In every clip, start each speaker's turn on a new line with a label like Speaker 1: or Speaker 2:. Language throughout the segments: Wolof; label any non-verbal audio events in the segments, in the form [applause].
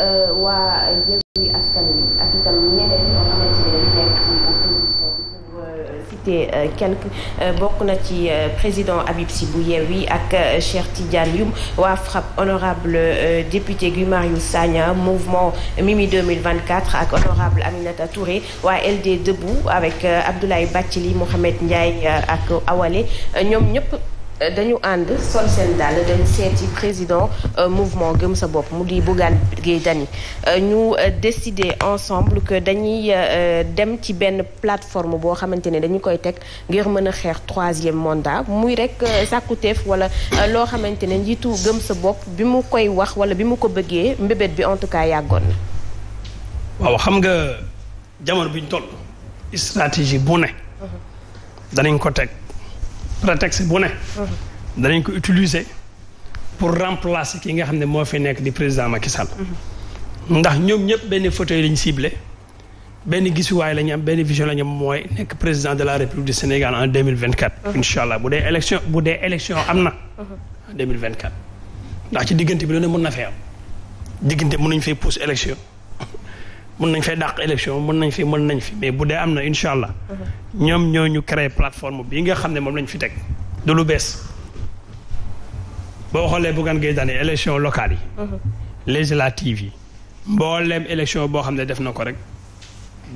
Speaker 1: Euh, waa Yewwi Askan ak itam ñeneen ñoo xamante ne dañu ci opposition euh, cité euh, quelque ci président Habib Sy bu Yewwi ak Cheikh Tidiane Youm waa FRAPP honorable député Guy Marius Sagna mouvement Mimi 2024 ak honorable Aminata Touré waa LD Debout avec Abdoulaye Bathily Mohamed Ndiaye ak Awalé ñoom ñëpp dañu ànd sol seen dàll dem seeti président euh, mouvement gëm sa bopp mu di Bougane Gueye Dany euh, ñu euh, décider ensemble que dañuy dem ci benn plateforme boo xamante ne dañu koy teg ngir mën a xeex troisième mandat muy rek sàkkuteef wala loo xamante ne njiitu gëm sa bopp bi mu koy wax wala bi mu ko bëggee mbébét bi en tout cas yàggoon na.
Speaker 2: waaw xam nga jamono bi ñu toll stratégie bu ne. Uh-huh. danañ ko teg. prétexte bu ne. Mhm. danañ ko utiliser pour remplacer ki nga xam ne moo fi nekk di président Macky Sall. Mhm. ndax ñoom ñëpp benn fauteuil lañ ciblé benn gisuwaay la am benn vision la ñu am mooy nekk président de la République du Sénégal en deux mille vingt quatre. Mhm. incha allah bu dee élection bu dee élection am na. en deux mille vingt ndax ci diggante bi lu ne mën na fee am diggante nañ fee pouse élection. mën nañ fay dàq élection mën nañ fi mën nañ fi mais bu dee am na incha allah. ñoom ñoo ñu créé plateforme bii nga xam ne moom lañ fi teg du lu bees. boo xoolee Bougane Gueye Dany élection locale yi. législative yi. mbooleem élection boo xam ne def na ko rek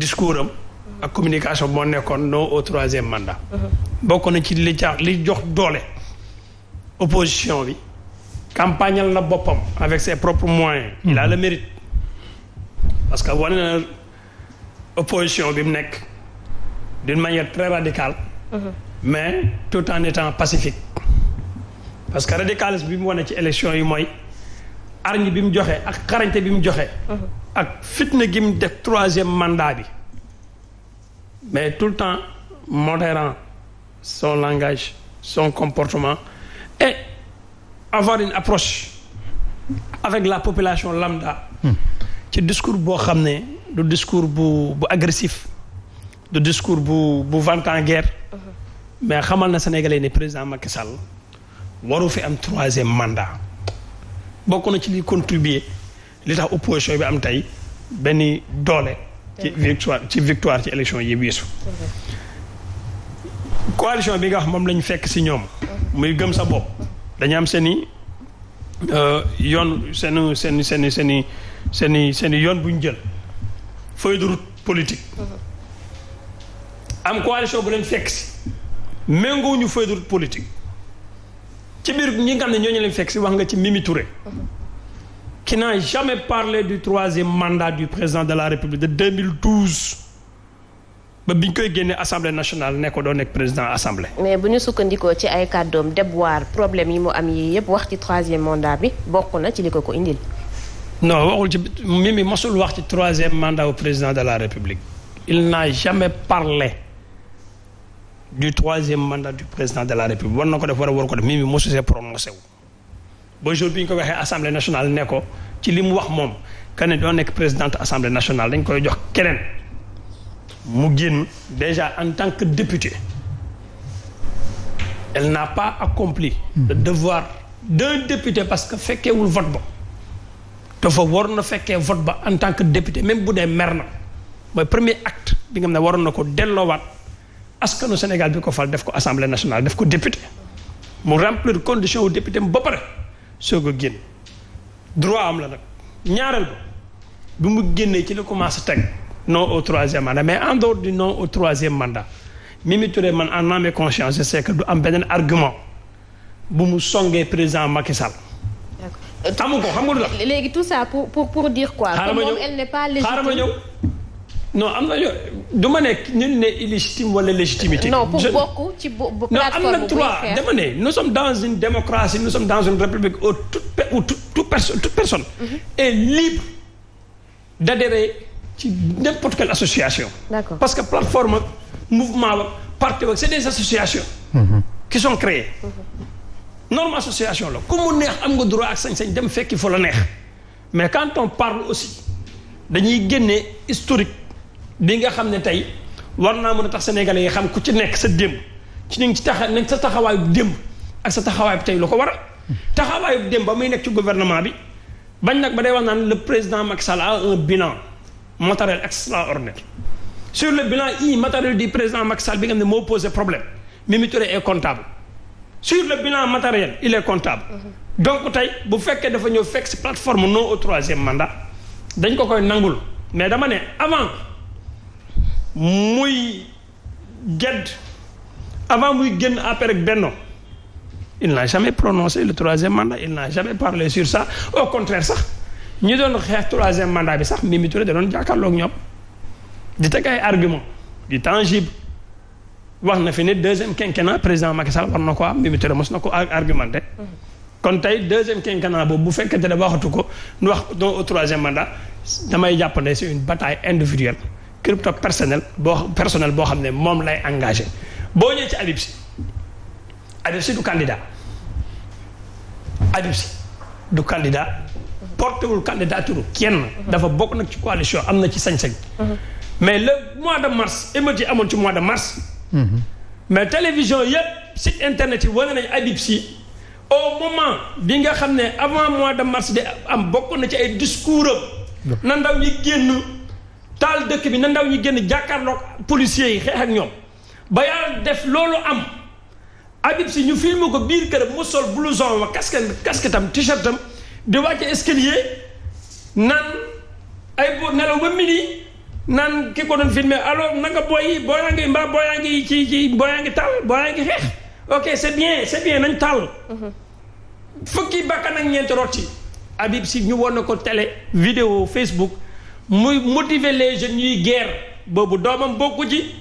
Speaker 2: discours am. ak communication boo nekkoon non au troisième mandat. bokk na ci li ca li jox doole. opposition bi. campagnal na boppam avec ses propres moyens. il a mérite. parce que wane na opposition bi mu nekk d'une manière très radicale mm-hmm. mais tout en temps pacifique parce que radicalisme bi mu wane ci élection yi mooy arñ bi mu joxe ak xarañte bi mu joxe mm-hmm. ak fitna gi mu def troisième mandat bi mais tout le temps modérant son langage son comportement et avoir une approche avec la population lambda hmm. ci discours boo xam ne du discours bu bu agressif du discours bu bu vantant guerre uh-huh. mais xamal na Sénégalais ne président Macky Sall waru fi am troisième mandat bokk na ci li contribuer li tax opposition bi am tey benn doole. ci victoire ci victoire ci élection yi weesu. coalition bi nga wax moom lañu fekk si ñoom. Uh-huh. muy gëm sa bopp. dañu am seen i euh, yoon seen seen seen seen seen i seen yoon bu ñu jël feuille de route politique am coalition bu leen fekk si méngoowuñu ñu de route politique ci biir ñi nga xam ne ñoo ñu leen fekk si wax nga ci Mimi Touré qui n'a jamais parlé du troisième mandat du président de la République de 2012 ba bi ñu koy génne assemblée nationale ne doon doo nekk président assemblée.
Speaker 1: mais bu ñu sukkandikoo ci ay kàddoom déboire problème yi mu am yii yëpp wax ci troisième mandat bi bokk na ci li ko ko indil.
Speaker 2: non waxul ci Mimi masul wax ci troisième mandat au président de la République il n'a jamais parlé du troisième mandat du président de la République war na ko def war a war ko def mii mosu see prononcé wu ba jour bi ñu ko waxee assemblée nationale ne ko ci li mu wax moom que ne doo nekk présidente assemblée nationale dañ koy jox keneen mu génn déjà en tant que député elle n'a pas accompli de devoir d'un député parce que fekkewul vote ba te dafa waroon na fekkee vote ba en tant que député même bu dee mer na mooy premier acte bi nga xam ne waroon na ko delloowaat askanu Sénégal bi ko fal def ko assemblée nationale def ko député mu remplir condition wu député ba pare soo a génn droit am la nag ñaareel ba bi mu génnee ci la commencé teg non au troisième mandat mais en dehors du non au troisième mandat Mimi Touré man en âme et conscience je sais que du am beneen argument bu mu songee président Macky
Speaker 1: amu ko xam nga lu tax. léegi tout ça pour pour dire quoi. xaaral ma ñëw elle n'est pas légitime
Speaker 2: non am na yoo du ma nekk ñun ne illégitime wala légitimité. non pour bokk
Speaker 1: ci plateforme non am na trois dama
Speaker 2: ne nous sommes dans une démocratie nous sommes dans une république où toute où toute personne toute mhm. personne. est libre d'adhérer ci n'importe quelle association. parce que plateforme mouvement parti c'est des associations. Mhm. qui sont créées. Mhm. norme association la ku mu neex am nga droit ak sañ-sañ dem fekki fu la neex mais quand on parle aussi dañuy génne historique bi nga xam ne tey war naa mën a tax sénégalais yi xam ku ci nekk sa démb ci ni ci taxa nekk sa taxawaayu démb ak sa taxawaayu tey lu ko war a taxawaayu démb ba muy nekk ci gouvernement bi bañ nag ba day wax naan le président Macky Sall a un bilan matériel extraordinaire sur le bilan immatériel du président Macky Sall bi nga ne moo posé problème Mimi Touré est comptable sur le bilan matériel il est comptable mhm. donc tey bu fekkee dafa ñëw fekk si plateforme non au troisième mandat dañ ko koy nangul mais dama ne avant muy gedd avant muy génn APR ak Benno il n'a jamais prononcé le troisième mandat il n'a jamais parlé sur sax au contraire sax ñu doon xeex troisième mandat bi sax Mimi mi da doon jàkkaarloog ñoom di teg ay argument di tangible wax na fi ne deuxième quinquennat président Macky Sall war na ko am Mimi Touré mos na ko argumenté. kon tey deuxième quinquennat boobu bu fekkente ne waxatu ko nu wax non au troisième mandat damay jàpp ne c'est une bataay individuelle crypto personnel boo personnel boo xam ne moom lay engagé boo ñëwee ci Habib Sy Habib Sy du candidat Habib Sy du candidat portewul candidature kenn dafa bokk nag ci coalition am na ci sañ-sañ mhm. mais le mois de mars émeute yi amoon ci mois de mars Mm-hmm. mais télévision yépp site internet yi wane nañ Habib Sy au moment bi nga xam ne avant mois de mars de am bokk na ci ay discours am na ndaw ñi génn taal dëkk bi na ndaw ñi génn jàkkaarloog policiers yi xeex ak ñoom ba yàlla def loolu am Habib Sy ñu filmé ko biir këram mu sol blouson wa casque casque tam t-shirt tam di wàcce escalier naan ay bo nelaw ba midi naan ki ko doon filmé alors nanga booy yi booyaa ngi mbaa booyaa ngi ci ci booyaa ngi taal booyaa ngi xeex ok c'est bien c'est bien nañ taal fukki bakkan ak ñeenti rot ci Habib Sy ñu woon na ko télé vidéo Facebook muy motiver les jeunes ñuy guerre boobu doomam bokku ci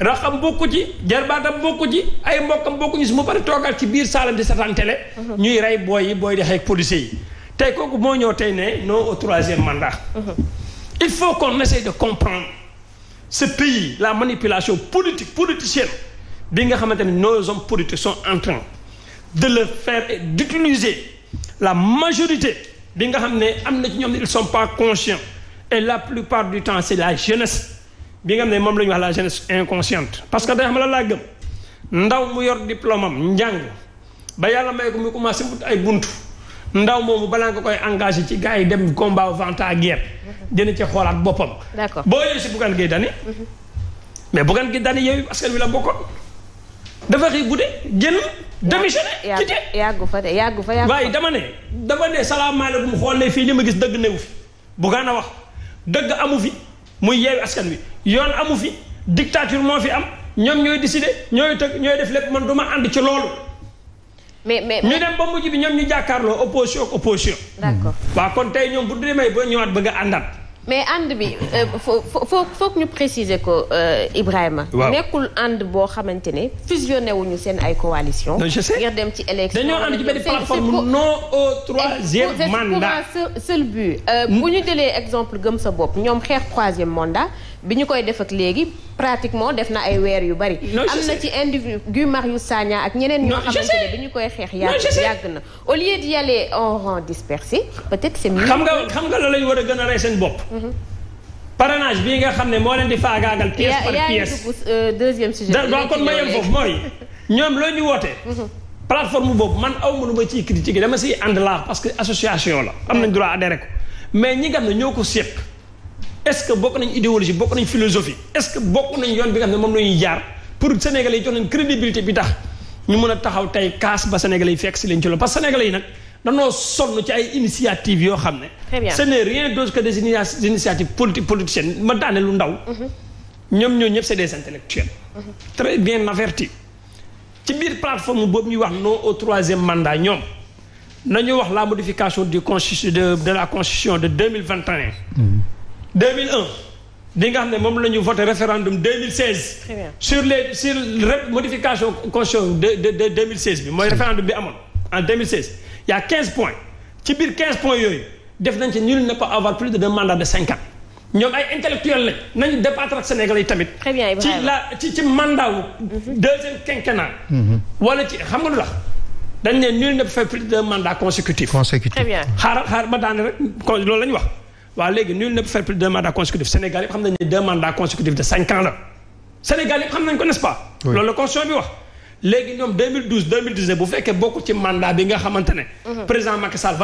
Speaker 2: raxam bokku ci jarbaatam bokku ci ay mbokkam bokku ñu su mu pare toogal ci biir saalam di sataan télé ñuy rey booy yi booy di xeex policiers yi tey kooku moo ñëw tey ne non au troisième il faut qu'on essaye de comprendre ce pays la manipulation politique politicienne bi nga xamante ne nos hommes politiques son en train de le faire et d'utiliser la majorité bi nga xam ne am na ci ñoom ne ils sont pas conscients et la plupart du temps c'est la jeunesse bi nga xam ne moom la ñu wax la jeunesse inconsciente parce que day xam la laa gëm ndaw mu yor diplôme am njàng ba yàlla may ko mu commencé ay buntu ndaw moomu balaa nga koy engagé ci gars yi dem combat vente à guerre dina ci xoolaat boppam
Speaker 1: boo yooyu si Bougane Gueye Dany mhm.
Speaker 2: mais Bougane Gueye Dany yooyu askan wi la bokkoon dafa xëy bu dee génn démissionné ci
Speaker 1: te yàggu fa de yàggu fa yàggu waaye
Speaker 2: dama ne dafa ne salaamaaleykum xool ne fii li ma gis dëgg newu fi Bougane a wax dëgg amu fi muy yeewi askan wi yoon amu fi dictature moo fi am ñoom ñooy décider ñooy tëgg ñooy def lépp man du ma ànd ci loolu
Speaker 1: mais mais ñu dem
Speaker 2: ba mujj bi ñoom ñu jàkkaarloo opposition ak opposition. d'accord hmm. waa kon tey ñoom bu demee ba ñëwaat bëgg a
Speaker 1: mais ànd bi euh, foo foo foog ñu préciser ko euh, Ibrahima. nekkul ànd boo xamante ne fusionné wuñu seen ay coalition ngir dem ci élection dañoo ànd ci benn plateforme non au troisième mandat. c'est but. Euh, bu ñu jëlee exemple gëm sa bopp ñoom xeex troisième mandat. bi ñu koy def ak léegi pratiquement def na ay weer yu bari. am na ci individu Guy Marius Sagna ak ñeneen ñoo xamante ne ñu koy xeex yàgg yàgg na au lieu d'y aller en rang dispersé peut-être
Speaker 2: c'est mieux. xam la lañ war a gën a rey seen bopp. Mm-hmm. parrainage bii nga xam ne moo leen di faagaagal. pièce par pièce yaa
Speaker 1: euh, deuxième kon ma yem foofu [laughs]
Speaker 2: ñoom loo ñu wootee. Mm-hmm. plateforme boobu man aw ma lu ma ciy critiquer dama siy ànd laa parce que association la. am nañ droit adhéré ko mais ñi nga xam ne ñoo ko séq est-ce que bokk nañ idéologie bokk nañ philosophie est-ce que bokk nañ yoon bi nga xam ne moom la ñuy jaar pour sénégalais yi jox leen crédibilité bi tax ñu mën a taxaw tey kaas ba sénégalais yi fekk si leen ci loolu ba que yi nag danoo sonn ci ay initiative yoo xam ne ce n'est rien d'autre que des initiatives politi politiciennes ma daane lu ndaw mhm. ñoom ñoo ñëpp c'est des intellectuels mhm. très bien avertis ci biir plateforme boobu ñuy wax no au troisième mandat ñoom nañu wax la modification de constitution de de la constitution de deux mille vingt et un mhm. 2001 bi nga xam ne moom la ñu voté référendum 2016. très bien sur les sur modification constitution de de de bi mooy référendum bi amoon en 2016 y' a 15 points ci biir 15 yooyu def nañ ci nul ne pas avoir plus de mandat de 5 ans ñoom ay intellectuels lañ nañu débattre ak yi tamit. très bien ci la ci ci mandat wu. Mhm. deuxième quinquennat. Mhm. wala ci xam nga lu tax. dañ ne nul ne peut faire plus de mandat consécutif. consécutif très bien xaaral xaaral ma daane rek loolu la ñu wax. waaw léegi nu ne peut faire plus de deux mandats consécutifs Sénégal yëpp xam nañ ne deux mandats de cinq ans la Sénégal yëpp xam nañ ko pas loolu constitution bi wax léegi ñoom 2012 2019 bu fekkee bokkul ci mandat bi nga xamante ne mhm. président Macky Sall